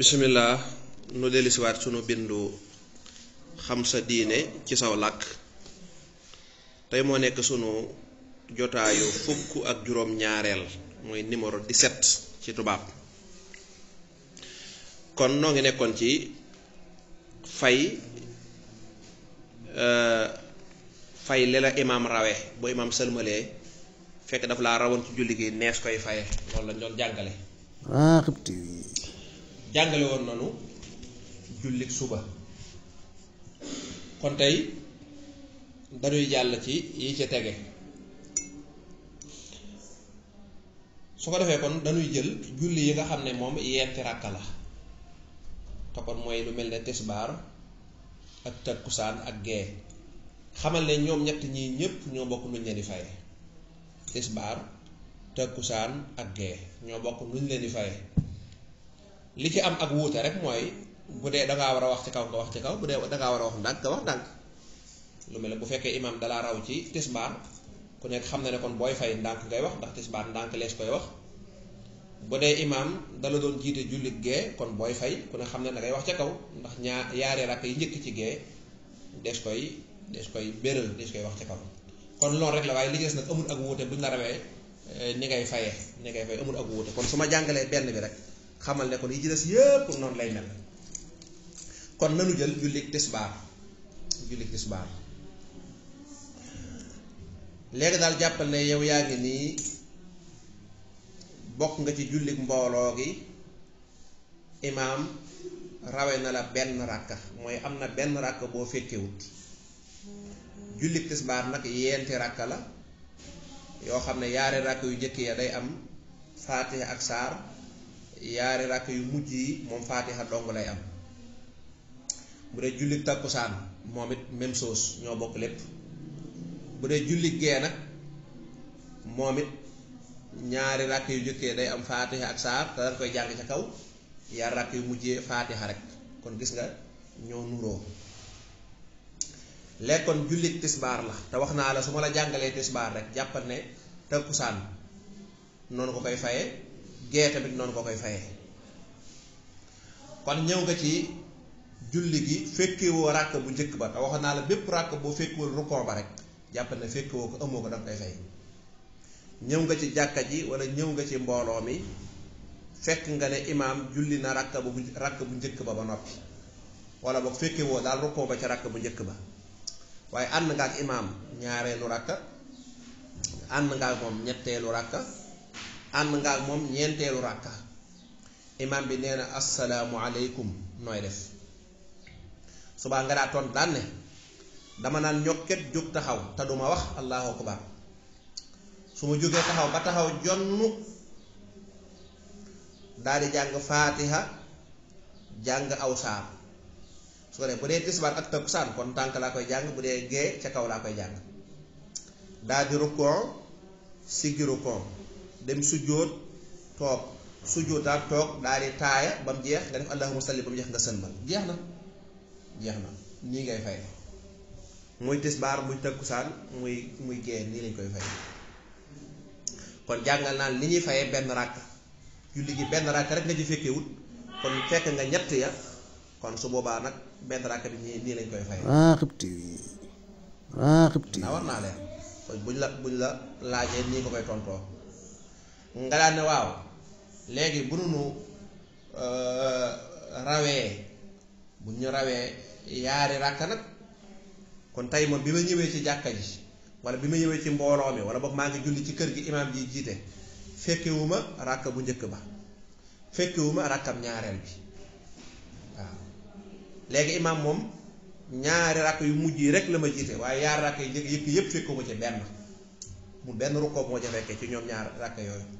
bisimilah nu dellusiwaat sunu bindu xam sa diine ci saw làkk tey moo nekk sunu jotaayu fukk ak juróom ñaareel mooy numéro 17 ci tubaab kon noo ngi nekkoon ci fay euh, fay li la imaam rawe bu imaam sëlmalee fekk daf laa rawoon ci julli gi nees koy faye loolu lañ doon jàngale. jàngale woon nanu jullik suba kon tey dañuy jàll ci yi ci tege su ko defee kon dañuy jël julli yi nga xam ne moom yeenti ràkk la te kon mooy lu mel ne tisbaar ak takkusaan ak gee xamal ne ñoom ñett ñii ñépp ñoo bokk nuñ leen di faye tisbaar takkusaan ak gee ñoo bokk luñ leen di faye li ci am ak wuute rek mooy bu dee da ngaa war a wax ci kaw nga wax ci kaw bu dee da war a wax ndànk nga wax ndànk lu mel ne bu fekkee imaam dalaa raw ci tisbaar ku nekk xam na ne kon booy fay ndànk ngay wax ndax tisbaar ndànk lees koy wax bu dee imaam dala doon jiite jullit gee kon booy fay ku ne xam ne da ngay wax ci kaw ndax ñaar yaari rakk yi njëkk ci gee des koy des koy béral des koy wax ci kaw kon loolu rek la waaye li des nag amul ak wuute buñ la rawee eh, ni ngay fayee ni ngay fay amul ak wuute kon su ma jàngalee benn bi rek xamal ne ko li ci des yëpp noonu lay mel kon nanu jël jullig tisbaar jullig tisbaar léegi daal jàppal ne yow yaa ngi nii bokk nga ci jullig mbooloo gi imaam rawe na la benn ràkka mooy am na benn ràkka boo fekkewut jullig tisbaar nag yeenti ràkka la yoo xam ne yaari ràkk yu njëkk ya day am faatiha ak saar yaari rakk yu mujj yi moom faatiha dong lay am bu dee julli takkusaan moom it même chose ñoo bokk lépp bu dee julli gee nag moom it ñaari rakk yu jëkkee day am faatiha ak saar te dañ koy jàng ca kaw yaari rakk yu mujjee faatiha rek kon gis nga ñoo nuroo lekkoon jullit tisbaar la te wax naa la su ma la jàngalee tisbaar rek jàppal ne takkusaan noonu ko koy faye gee tamit noonu nga koy fayee kon ñëw nga ci julli gi fekkewoo ràkk bu njëkk ba te waxoon naa la bépp ràkk boo fekkewul rukkoo ba rek jàpp ne fekkewoo ko amoo ko da nga koy fay ñëw nga ci jàkka ji wala ñëw nga ci mbooloo mi fekk nga ne imaam julli na ràkk bu ràkk bu njëkk ba ba noppi walla boog fekkewoo daal rukkoo ba ci ràkk bu njëkk ba waaye ànd nga ak imaam ñaareelu ràkka ànd nga ak moom ñetteelu ràkka ànd nga ak moom ñeenteelu ràkka imaam bi nee na asalaamualeykum nooy def subaa nga daa tont daan ne dama naan ñokket jóg taxaw te duma wax allahu akbar su ma jógee taxaw ba taxaw jonn daal di jàng faatiha jàng aw saar su ko def bu dee tisbaar ak takkusaan kon tànk laa koy jàng bu dee gee ca kaw laa koy jàng daldi di rukkoo siggi rukkoo dem sujjóot toog sujjóotaat toog daal di taaya ba mu jeex nga def allahumma salli ba mu jeex nga sëlmal jeex na jeex na nii ngay fay muy tisbaar muy tëkkusaan muy muy génn nii lañ koy fay kon jàngal naa li ñuy fayee benn ràkk julli gi benn ràkk rek nga ci fekkee wut kon fekk nga ñett ya kon su boobaa nag benn ràkk bi nii nii lañ koy fayee. Raaxib TV Raaxib TV. war naa leen buñ la buñ la laajee nii ko koy tontoo. nga daan ne waaw léegi bu nu euh, rawee bu ñu rawee yaari ràkk nag kon tey moom bi ma ñëwee ci jàkka ji wala bi ma ñëwee ci mbooloo mi wala boog maa ngi julli ci kër gi imaam ji jiite fekkewuma ràkk bu njëkk ba fekkewuma ràkkam ñaareel bi waaw léegi imaam moom ñaari ràkk yu mujj yi rek la ma jiite waaye yaari ràkk yi njëkk yëpp fekkuma ci benn mu benn rukkoo moo ca fekkee ci ñoom ñaar ràkk yooyu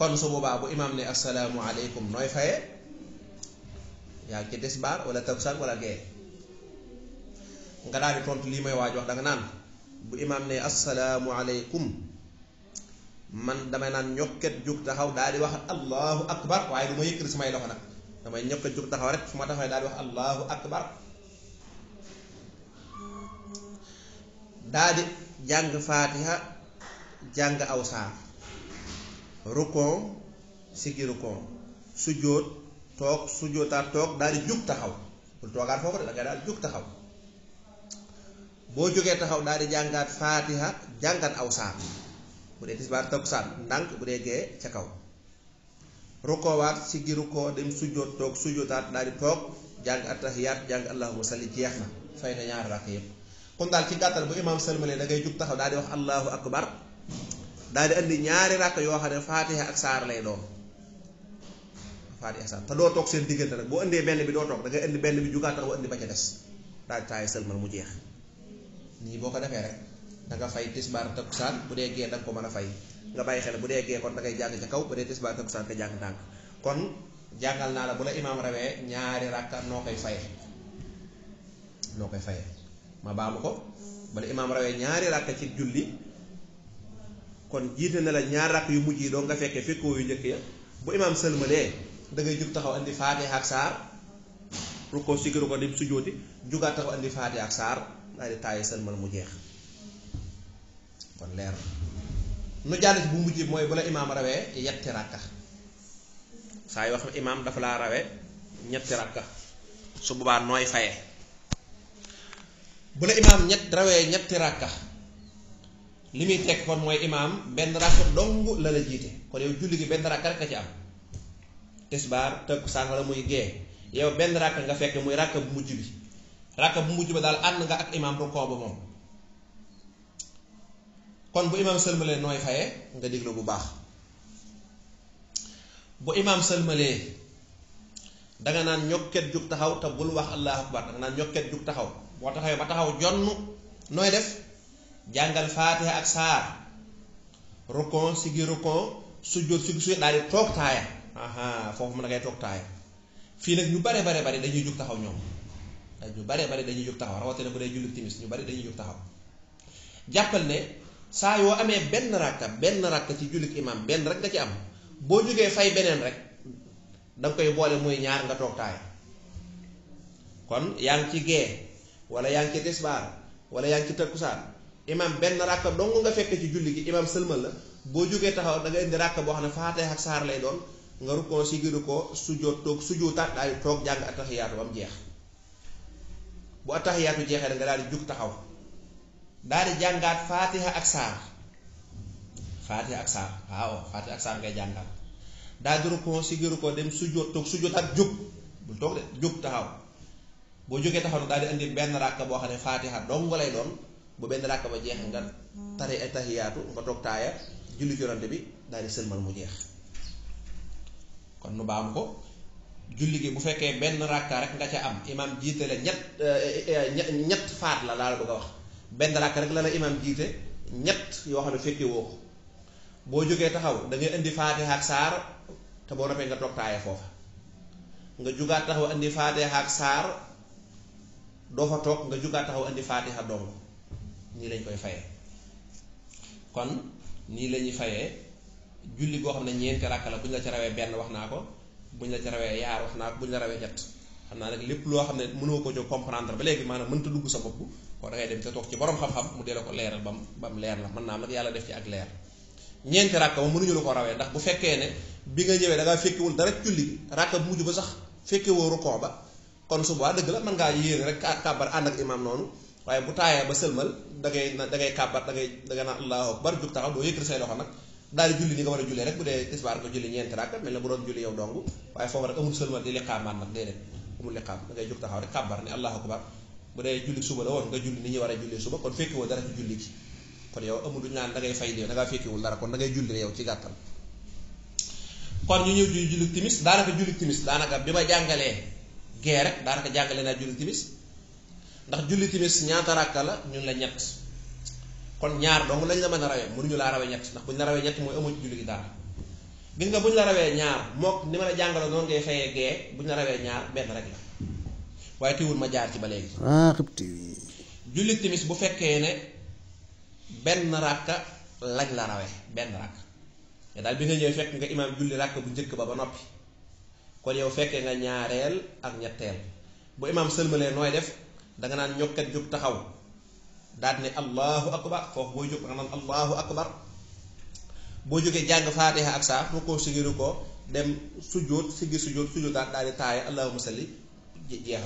kon su boobaa bu imaam ne asalaamualeykum nooy faye yaa ngi ci tisbaar wala takkusaan wala gee nga daal di tontu lii may waaj wax danga naan bu imaam ne asalaamualeykum man damay naan ñokket jug taxaw daal di wax allahu akbar waaye du ma yëkkati samay loxo nag damay ñokket jug taxaw rek su ma taxawee daal wax allahu akbar daal di jàng faatiha jàng aw saar rukon sikki rukon sujjóot toog sujjóotaat toog daal di jug taxaw bul toogaat foofu de da ngay daal jug taxaw boo jógee taxaw daal di jàngaat faatiha jàngaat aw saar bu dee tisbaar takkusaan ndànk bu dee gee ca kaw rukkoowaat sikki rukkoo dem sujjóot toog sujjóotaat daal di toog jàng attahiyaat jàng allahumma salli jeex na fay na ñaari rakk yëpp kon daal ci gàttal bu imaam sëlmalee da ngay jug taxaw daal di wax allahu akbar daal di andi ñaari ràkk yoo xam ne faatiha ak saar lay doon faatiha ak saar te doo toog seen diggante nag boo indee benn bi doo toog da ngay indi benn bi jugaat taxaw indi ba ca des daal di taay sëlmal mu jeex nii boo ko defee rek danga nga fay tisbaar takkusaan bu dee gee da ko mën a fay nga bàyyi xel bu dee gee kon da ngay jàng ca kaw bu dee tisbaar takkusaan nga jàng ndànk kon jàngal naa la bu la imaam rawee ñaari ràkka noo koy faye noo koy faye ma ko bala imaam rawee ñaari ràkka kon jiite na la ñaar rakk yu mujj yi doo nga fekkee fekkoo yu njëkk ya bu imaam sëlmalee dangay ngay taxaw indi faatiha ak saar rukkoo sigiru ko di sujooti jugaat taxaw andi faatiha ak saar daal di taaye sëlmal mu jeex kon leer nu jàll ci bu mujj mooy bu la imaam rawee yetti rakka saa yoo xam imaam dafa laa rawee ñetti rakka su boobaa nooy faye bu la imaam ñett rawee ñetti rakka li muy teg kon mooy imaam benn rakk dong la la jiite kon yow julli gi benn rakk rek ci am tisbaar tëkku saan wala muy gee yow benn rakk nga fekk muy rakk bu mujj bi rakk bu mujj ba daal ànd nga ak imaam rukkoo ba moom kon bu imaam sëlmalee nooy faye nga déglu bu baax bu imaam sëlmalee danga naan ñokket jug taxaw te bul wax allahu akbar danga naan ñokket jug taxaw boo taxawee ba taxaw jonn nooy def jàngal faatiha ak saar rukon sigi rukon sujjóot sigi sujjóot daal di toog taaya foofu mën na ngay toog taaya fii nag ñu bare bare bare dañuy jóg taxaw ñoom ñu bare bare dañuy jóg taxaw rawatina bu dee jullit timis ñu bare dañuy jóg taxaw jàppal ne saa yoo amee benn rakka benn rakka ci jullit imam benn rek nga ci am boo jógee fay beneen rek danga koy boole muy ñaar nga toog taaya kon yaa ngi ci gee wala yaa ngi ci tisbaar wala yaa ngi ci takkusaan imam benn ràkka dong nga fekke ci julli gi imam sëlmal la boo jógee taxaw da nga indi ràkka boo xam ne faatiha ak saar lay doon nga rukkoo si giru ko sujjóot toog sujjóotaat daal di toog jàng attaxiyaatu ba mu bu attaxiyaatu jeexee da di jug taxaw daal di jàngaat faatiha ak saar faatiha ak ngay jàngaat daal di rukkoo si giru ko dem sujjóot toog sujjóotaat jug bul toog de jug taxaw boo jógee taxaw nag daal di indi benn ràkka boo xam ne faatiha dong lay doon bu benn ràkk ba jeex nga tari ay tahiyaatu nga toog taaya julli ci yonante bi daal di sëlmal mu jeex kon nu baam ko julli gi bu fekkee benn ràkka rek nga ca am imaam jiite la ñett eh, eh, ñett faat la laa la bëgg wax benn ràkk rek la la imaam jiite ñett yoo xam ne fekki ko boo jógee taxaw da indi faatiha ak saar te boo noppee nga toog taaya foofa nga jugaat taxaw indi faatiha ak saar doo fa toog nga jugaat taxaw indi faatiha dong nii lañ koy fayee kon nii la ñuy fayee julli boo xam ne ñeenti ràkk la bu ñu la ci rawee benn wax naa ko bu ñu la ci rawee yaar wax naa ko bu ñu la rawee ñett xam naa nag lépp loo xam ne mënoo ko jóg comprendre ba léegi maanaam mënta dugg sa bopp kon da ngay dem ci borom xam mu delloo ko leeral bam bam leer la mën naa am yàlla def ci ak leer ñeenti rakk moom mënuñu la ko rawee ndax bu fekkee ne bi nga ñëwee da ngaa fekkewul dara julli bi bu mujj ba sax fekkewoo rukoo ba kon su boobaa dëgg la mën ngaa yéene rek kàbbar ànd ak imam noonu waaye bu taayee ba sëlmal da ngay da ngay kàbbat da ngay da nga naan allahu akbar jug taxaw doo yëkkati say loxo nag daal di julli ni nga war a jullee rek bu dee tisbaar nga julli ñeenti rakk na waaye foofu rek amul sëlmal di liqaamaat nag déedéet amul liqaam da ngay taxaw rek kàbbar ne allahu akbar bu dee julli suba la woon nga julli ni ñu war a jullee suba kon fekkiwul dara ci julli gi kon yow amul duñu naan da ngay fay de da ngaa fekkiwul dara kon da ngay julli yow ci gàttal kon ñu ñëw julli timis daanaka julli daanaka bi ma jàngalee gee rek daanaka jàngale naa julli ndax julli timis ñaata ràkka la ñun la ñett kon ñaar dong lañ la mën a rawee ñu laa rawee ñett ndax buñ la rawee ñett mooy amoo ci julli gi dara gis nga buñ la rawee ñaar mook ni ma la jàngaloon noonu ngay gee buñ la rawee ñaar benn rek la waaye teewul ma jaar ci ba léegi. Ah, julli timis bu fekkee ne benn ràkka lañ la rawee benn ràkka daal bi nga ñëw fekk nga imaam julli ràkk bu njëkk ba ba noppi kon yow fekkee nga ñaareel ak ñetteel bu imaam sëlmalee nooy def. danga naan ñokkat jóg taxaw daal ne allahu akbar foofu booy jóg danga naan allahu akbar boo jógee jàng faatiha ak saa ko sigiru ko dem sujjóot sigi sujjóot sujjóotaat daal di taaya allahuma salli jeex na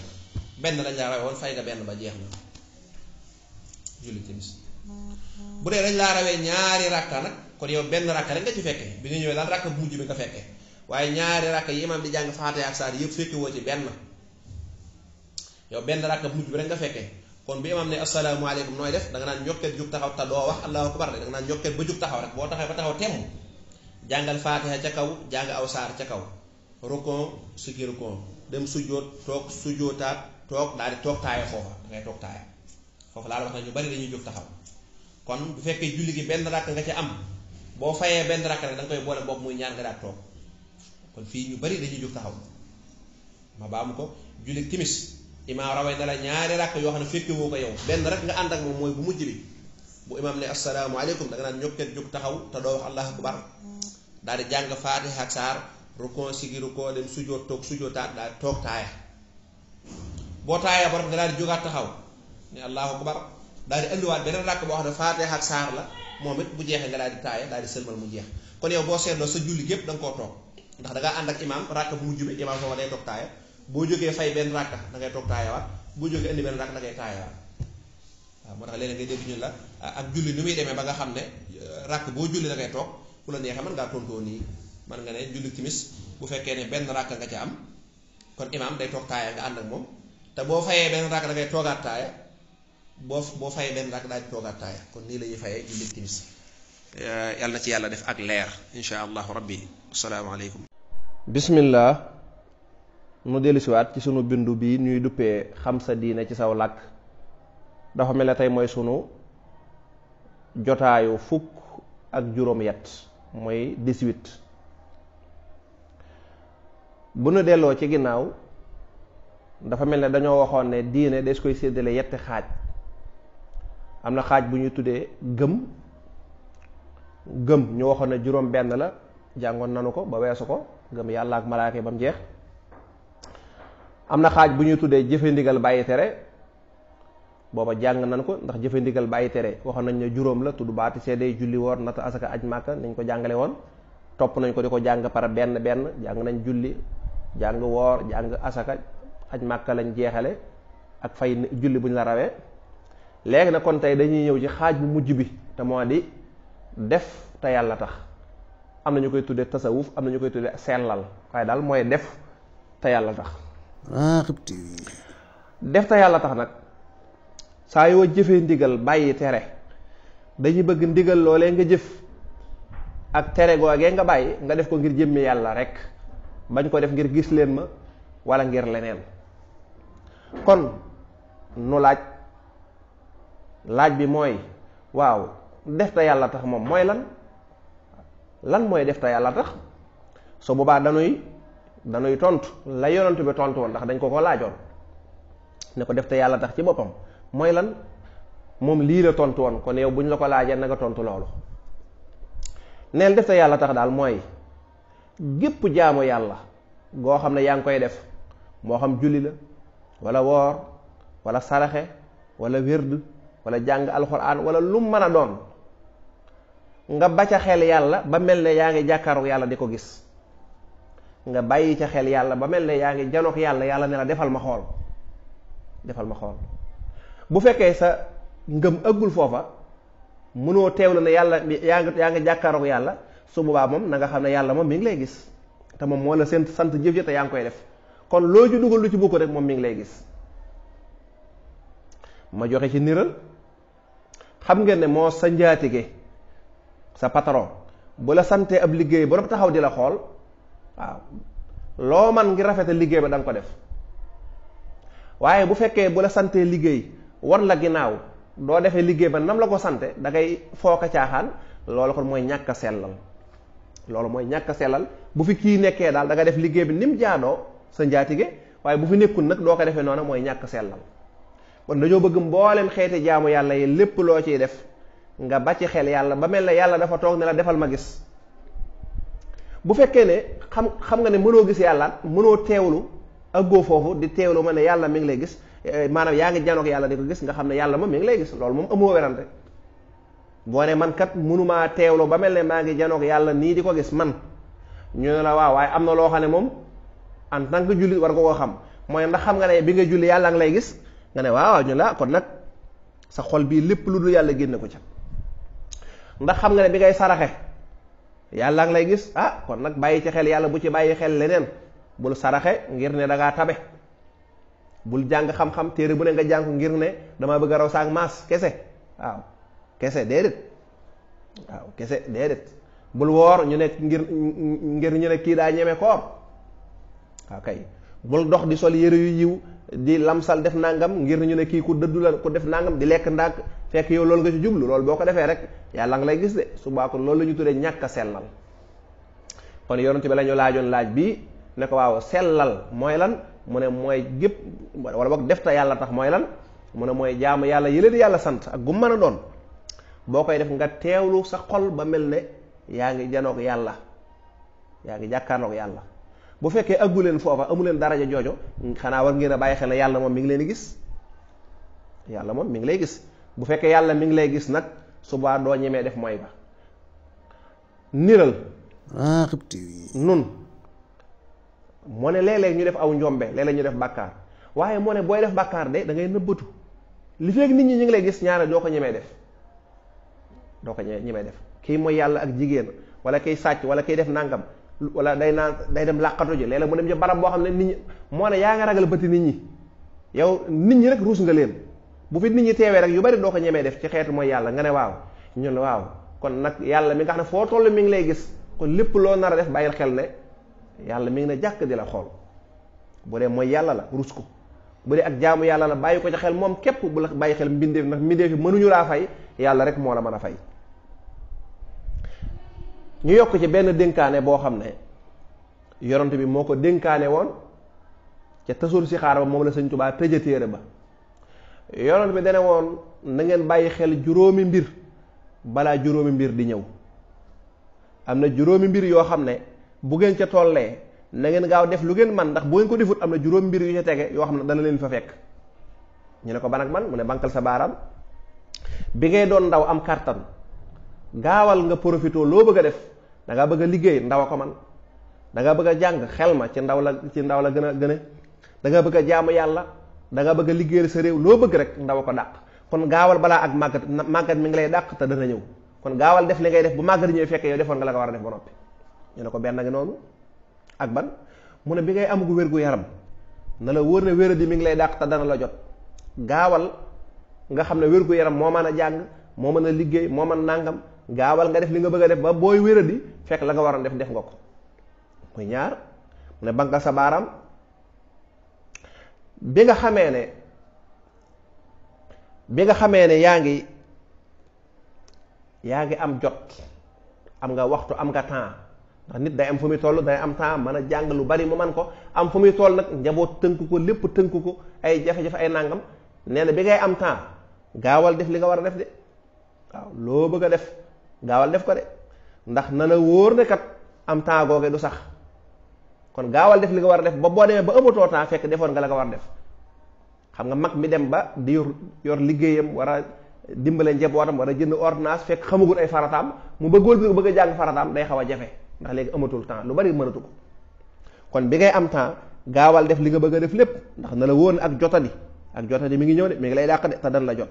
benn lañ laa rawee woon fay nga benn ba jeex na julli timis bu dee dañ laa rawee ñaari ràkka nag kon yow benn ràkka rek nga ci fekke bi nga ñëwee daal ràkka bu mujj bi nga fekke waaye ñaari ràkka yi imaam di jàng faatiha ak saar yëpp fekke ci benn yow benn rakka bu mujj bi rek nga fekkee kon bu imaam ne asalaamaaleykum nooy def da nga naan ñokket taxaw te doo wax allahu akbar da nga naan ñokket ba jug taxaw rek boo taxaw ba taxaw temm jàngal faatiha ca kaw jàng aw saar ca kaw rukon sukki rukon dem sujjoot toog sujjootaat toog daal di toog taaya foofa da ngay toog taaya foofu laa la wax na ñu bari dañuy jóg taxaw kon bu fekkee julli gi benn rakk nga ca am boo fayee benn rakk rek da koy boole bopp muy ñaar nga daal toog kon fii ñu bari dañuy jóg taxaw ma baamu ko julli timis imaam rawee na la ñaari rakk yoo xam ne fekke woo ko yow benn rek nga ànd ak moom mooy bu mujj bi bu imaam ne asalaamaaleykum da nga naan ñokket jóg taxaw te doo wax allah akbar daal di jàng faatiha ak saar rukon sigi rukon dem sujjóot toog sujjóotaat daal di toog taaya boo taaya ba rek nga daal di jógaat taxaw ne allahu akbar daal di andiwaat beneen rakk boo xam ne faatiha ak saar la moom it bu jeexee nga daal di taaya daal di sëlmal mu jeex kon boo seetloo sa julli gépp da nga toog ndax da ngaa ànd ak bu mujj bi imaam boo jógee fay benn rakka da ngay toog taayawaat boo jógee indi benn rakka da ngay taayawaat waaw moo tax léeg-léeg ngay dégg ñu la ah, ak julli ni muy demee ba nga xam ne euh, rakk boo julli da ngay toog ku la neexee mën ngaa tontoo nii mën nga ne bu fekkee ne benn rakka nga ca am kon imaam day toog taaya nga ànd ak moom te boo fayee benn rakk da ngay toogaat taaya boo boo fayee benn rakk daal toogaat taaya kon nii la ñuy fayee julli timis euh, yàlla ci yàlla def ak leer incha allahu rabbi asalaamaaleykum bismillah nu dellusiwaat ci sunu bindu bii ñuy duppee xam sa diine ci saw làkk dafa mel na tey mooy sunu jotaayu fukk ak juróom yet mooy dix bu nu delloo ci ginnaaw dafa mel ne dañoo waxoon ne diine de su koy séddale yetti xaaj am na xaaj bu ñu tuddee gëm gëm ñu waxoon ne juróom benn la jàngoon nanu ko ba weesu ko gëm yàlla ak malaaka yi jeex am na xaaj bu ñuy tuddee jëfe ndigal bàyyi tere booba jàng nan ko ndax jëfe ndigal bàyyi tere waxoon nañ ne juróom la tudd baati seede julli woor nata asaka aj màkka nañ ko jàngale woon topp nañ ko di ko jàng par benn benn jàng nañ julli jàng woor jàng asaka aj màkka lañ jeexale ak fay julli bu ñu la rawee léegi nag kon tey dañuy ñëw ci xaaj bu mujj bi te moo di def te yàlla tax am na ñu koy tuddee tasawuf am na ñu koy tuddee sellal waaye daal mooy def te yàlla tax Raghib TV def te yàlla tax nag saa yoo jëfee ndigal bàyyi tere dañuy bëgg ndigal loolee nga jëf ak tere googee nga bàyyi nga def ko ngir jëmmi yàlla rek bañ ko def ngir gis leen ma walla ngir leneen kon nu laaj laaj bi mooy waaw def te yàlla tax moom mooy lan lan mooy def te yàlla tax su boobaa dañuy danuy tontu la yonantu bi tontu woon ndax dañ ko ko laajoon ne ko def te yàlla tax ci boppam mooy lan moom lii la tontu woon kon yow buñ la ko laajee na nga tontu loolu neel def te yàlla tax daal mooy gépp jaamu yàlla goo xam ne yaa ngi koy def moo xam julli la walla woor walla saraxe wala wérd wala jàng alxuraan wala lum mën a doon nga ba ca xel yàlla ba mel ne yaa ngi jàkkaaru yàlla di ko gis nga bàyyi ca xel yàlla ba mel na yaa ngi janoog yàlla yàlla ne la defal ma xool defal ma xool bu fekkee sa ngëm ëggul foofa teew la ne yàlla yaa ngi yaa ngi jàkkaaroog yàlla su bubaa moom na nga xam ne yàlla moom mi ngi lay gis te moom moo la seen sant jëf ji te yaa ngi koy def kon loo ju dugal lu ci bokk rek moom mi ngi lay gis ma joxe ci niral xam ngeen ne moo sa njaatige sa patron bu la santee ab liggéey ba taxaw di la xool waaw loo man ngir rafetal liggéey ba da ko def waaye bu fekkee bu la santee liggéey wan la ginnaaw doo defee liggéey ba nam la ko sante da ngay fooka caaxaan loolu kon mooy ñàkk a sellal loolu mooy ñàkk a sellal bu fi kii nekkee daal danga def liggéey bi ni mu jaadoo sa njaatige waaye bu fi nekkul nag doo ko defee noonu mooy ñàkk sellal kon dañoo bëgg mboolem xeeti jaamu yàlla yi lépp loo ciy def nga bàcc ci xel yàlla ba mel ne yàlla dafa toog ne la defal ma gis bu fekkee ne xam xam nga ne mënoo gis yàlla mënoo teewlu aggoo foofu di teewlu ma ne yàlla mi ngi lay gis eh, maanaam yaa ngi janoog yàlla di ko gis nga xam ne yàlla ma mi ngi lay gis loolu moom amoo werante boo ne man kat mënumaa teewlu ba mel ne maa ngi janook yàlla nii di ko gis man ñu ne la waaw waaye am na loo xam ne moom en tant que jullit war ko koo xam mooy ndax xam nga ne bi nga julli yàlla nga lay gis nga ne waaw ñu la kon nag sa xol bii lépp lu dul yàlla génne ko ca xam nga ne bi yàlla ngi lay gis ah kon nag bàyyi ci xel yàlla bu ci bàyyi xel leneen bul saraxe ngir ne da tabe bul jàng xam-xam téere bu ne nga jàng ngir ne dama bëgg a raw saak maas kese waaw kese déedéet waaw kese déedéet bul woor ñu ne ngir ngir ñu ne kii daa ñeme koor waaw kay bul dox di sol yére yu yiw di lamsal def nangam ngir ñu ne kii ku dëddu la ku def nangam di lekk ndànk fekk yow loolu nga ci jublu loolu boo ko defee rek yàlla nga lay gis de subaa loolu la ñu tuddee ñàkk a sellal kon yonent bi la laajoon laaj bi ne ko waaw sellal mooy lan mu ne mooy gépp wala boog def te yàlla tax mooy lan mu ne mooy jaamu yàlla yële di yàlla sant ak gu mën a doon boo koy nga teewlu sa xol ba mel ne yaa ngi janoog yàlla yaa ngi jàkkaarloog yàlla bu fekkee aggu leen foofa amu leen daraja joojo xanaa war ngeen a bàyyi xel yàlla moom mi ngi leen di gis yàlla moom mi ngi lay gis bu fekkee yàlla mi ngi lay gis nag subaa doo ñemee def mooy ba niral ah, nun mu ne léeg ñu def aw njombe léeg-léeg ñu def bàkkaar waaye moo ne booy def bàkkaar de da ngay nëbbatu li fekk nit ñi ñu ngi lay gis ñaare doo ko ñemee def doo ko ñemee def kii mooy yàlla ak jigéen wala kiy sàcc wala kiy def nangam wala day naan day dem làqatu ji léeg-léeg mu dem ci barab boo xam ne nit ñi moo ne yaa ngi ragal bëti nit ñi yow nit ñi rek ruus nga leen bu fi nit ñi teewee rek yu bari doo ko ñemee def ci xeet mooy yàlla nga ne waaw ñun waaw kon nag yàlla mi nga xam ne foo toll mi ngi lay gis kon lépp loo nar a def bàyyil xel ne yàlla mi ngi ne jàkk di la xool bu dee mooy yàlla la rus ko bu dee ak jaamu yàlla la bàyyi ko ci xel moom képp bu la bàyyi xel mbindeef ndax mbindeef yi mënuñu laa fay yàlla rek moo la mën a fay ñu yokk ci benn dénkaane boo xam ne yorante bi moo ko dénkaane woon ca tasul si xaar la sëñ Tubaa tëja téere ba yonent bi dane woon na bàyyi xel juróomi mbir balaa juróomi mbir di ñëw am na juróomi mbir yoo xam ne bu ngeen ca tollee na ngeen gaaw def lu ngeen man ndax bu ngeen ko defut am na juróomi mbir yu ca tege yoo xam ne dana leen fa fekk ñu ne ko ban ak man mu ne bankal sa baaraam bi ngay doon ndaw am kàttan gaawal nga profité loo bëgg a def da bëgg a liggéey ndaw a ko man da bëgg a jàng xel ma ci ndaw la ci ndaw la gën a gën a da bëgg a jaamu yàlla da bëgg liggéey liggéeyal sa réew loo bëgg rek ndaw ko dàq kon gaawal balaa ak màggat màggat mi ngi lay dàq te dana ñëw kon gaawal def li ngay def bu màggat ñëwee fekkee yow defoon nga la ko war a def ba noppi ñu ne ko benn ngi ak ban mu ne bi ngay amagu wér gu yaram na wóor ne wéra di mi ngi lay dàq te dana la jot gaawal nga xam ne wér yaram moo mën a jàng moo mën a liggéey moo mën nàngam gaawal nga def li nga bëgg a def ba booy wéra fekk la nga waroon def def nga ko muy ñaar sa baaraam bi nga xamee ne bi nga xamee ne yaa ngi yaa ngi am jot am nga waxtu am nga temps ndax nit day am fu muy toll day am temps mën a jàng lu bari mu man ko am fu muy toll nag njaboot tënk ko lépp tënk ko ay jafe-jafe ay nàngam nee na bi ngay am temps gaawal def li nga war a def de waaw loo bëgg a def gaawal def ko de ndax nana wóor ne am temps googe du sax kon gaawal def li nga war a def ba boo demee ba ëmmatoo temps fekk defoon nga la nga war a def xam nga mag mi dem ba di yor yor liggéeyam war a dimbale njabootam war a jënd ordonnance fekk xamagul ay farataam mu bëggoon bi bëgg a jàng farataam day xaw a jafe ndax léegi amatul temps lu bari mënatu ko kon bi ngay am temps gaawal def li nga bëgg a def lépp ndax na la woon ak jotadi ak jotadi mi ngi ñëw de mi ngi lay dàq de te dan la jot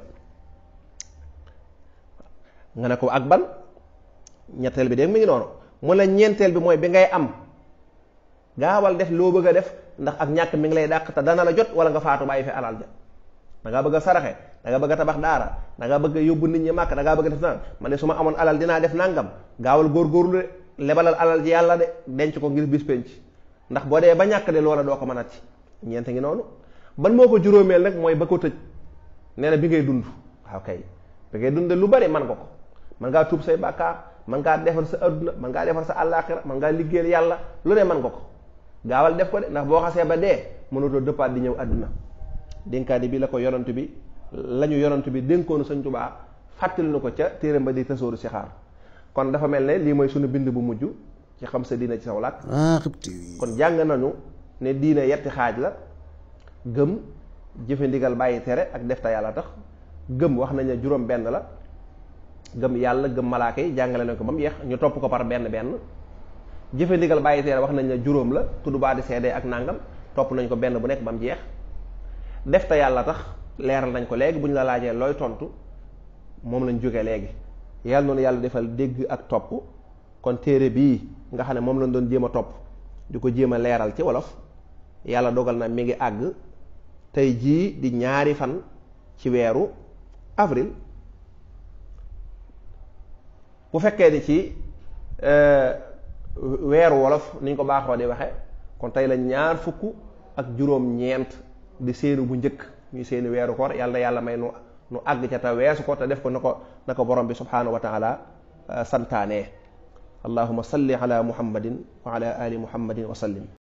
nga ne ko ak ban ñetteel bi de mi ngi noonu mu la ñeenteel mooy bi ngay am gaawal def loo bëgg a def ndax ak ñàkk mi ngi lay dàq te dana la jot wala nga faatu bàyyi fi alal ja da bëgg a saraxe da bëgg a tabax daara da bëgg a yóbbu nit ñi màkk da bëgg a def naan man su ma amoon alal dinaa def nangam gaawal góorgóorlu lebalal alal ji yàlla de denc ko ngir bis penc ndax boo ba ñàkk de loola doo ko mënati ñeent ngi noonu ban moo ko juróomeel nag mooy ba ko tëj nee na bi dund waaw kay bi dund lu bari man nga ko man ngaa tuub say bàkkaar man ngaa defar sa adduna man ngaa defar sa àllaaxira man ngaa liggéeyal yàlla lu ne man nga ko gaawal def ko de ndax boo xasee ba dee mënutoo dëppaat di ñëw àdduna dénkaani bii la ko yonant bi lañu ñu yonant bi dénkoonu Sëñ Tuubaa fàttali nu ko ca téeram ba di tasooru si xaar kon dafa mel ne lii mooy sunu bind bu mujj ci xam sa diina ci saw làkk ah, kon jàng nañu ne diina yetti xaaj la gëm jëfe ndigal bàyyi tere ak def ta yàlla tax gëm wax nañ ne juróom benn la gëm yàlla gëm malaaka yi jàngale nañ ko ba mu yeex ñu topp ko par benn benn jëfandikal ndigal bàyyi tere wax nañ ne juróom la tudd baati seede ak nàngam topp nañ ko benn bu nekk ba jeex def te yàlla tax leeral nañ ko léegi bu ñu la laajee looy tontu moom lañ jóge léegi yàlla noonu yàlla defal dégg ak topp kon téere bii nga xam ne moom lañ doon jéem a topp di ko jéem a leeral ci wolof yàlla dogal na mi ngi àgg tey jii di ñaari fan ci weeru avril bu fekkee ni ci euh, weeru wolof niñ ñu ko baaxoo di waxe kon tey la ñaar fukk ak juróom ñeent di seeni bu njëkk ñuy seeni weeru koor yàlla yàlla may nu nu àgg ca te weesu ko te def ko na ko na ko borom bi subhaanahu wa taala euh, santaane allahuma salli ala muhammadin wa ala ali muhammadin wa sallim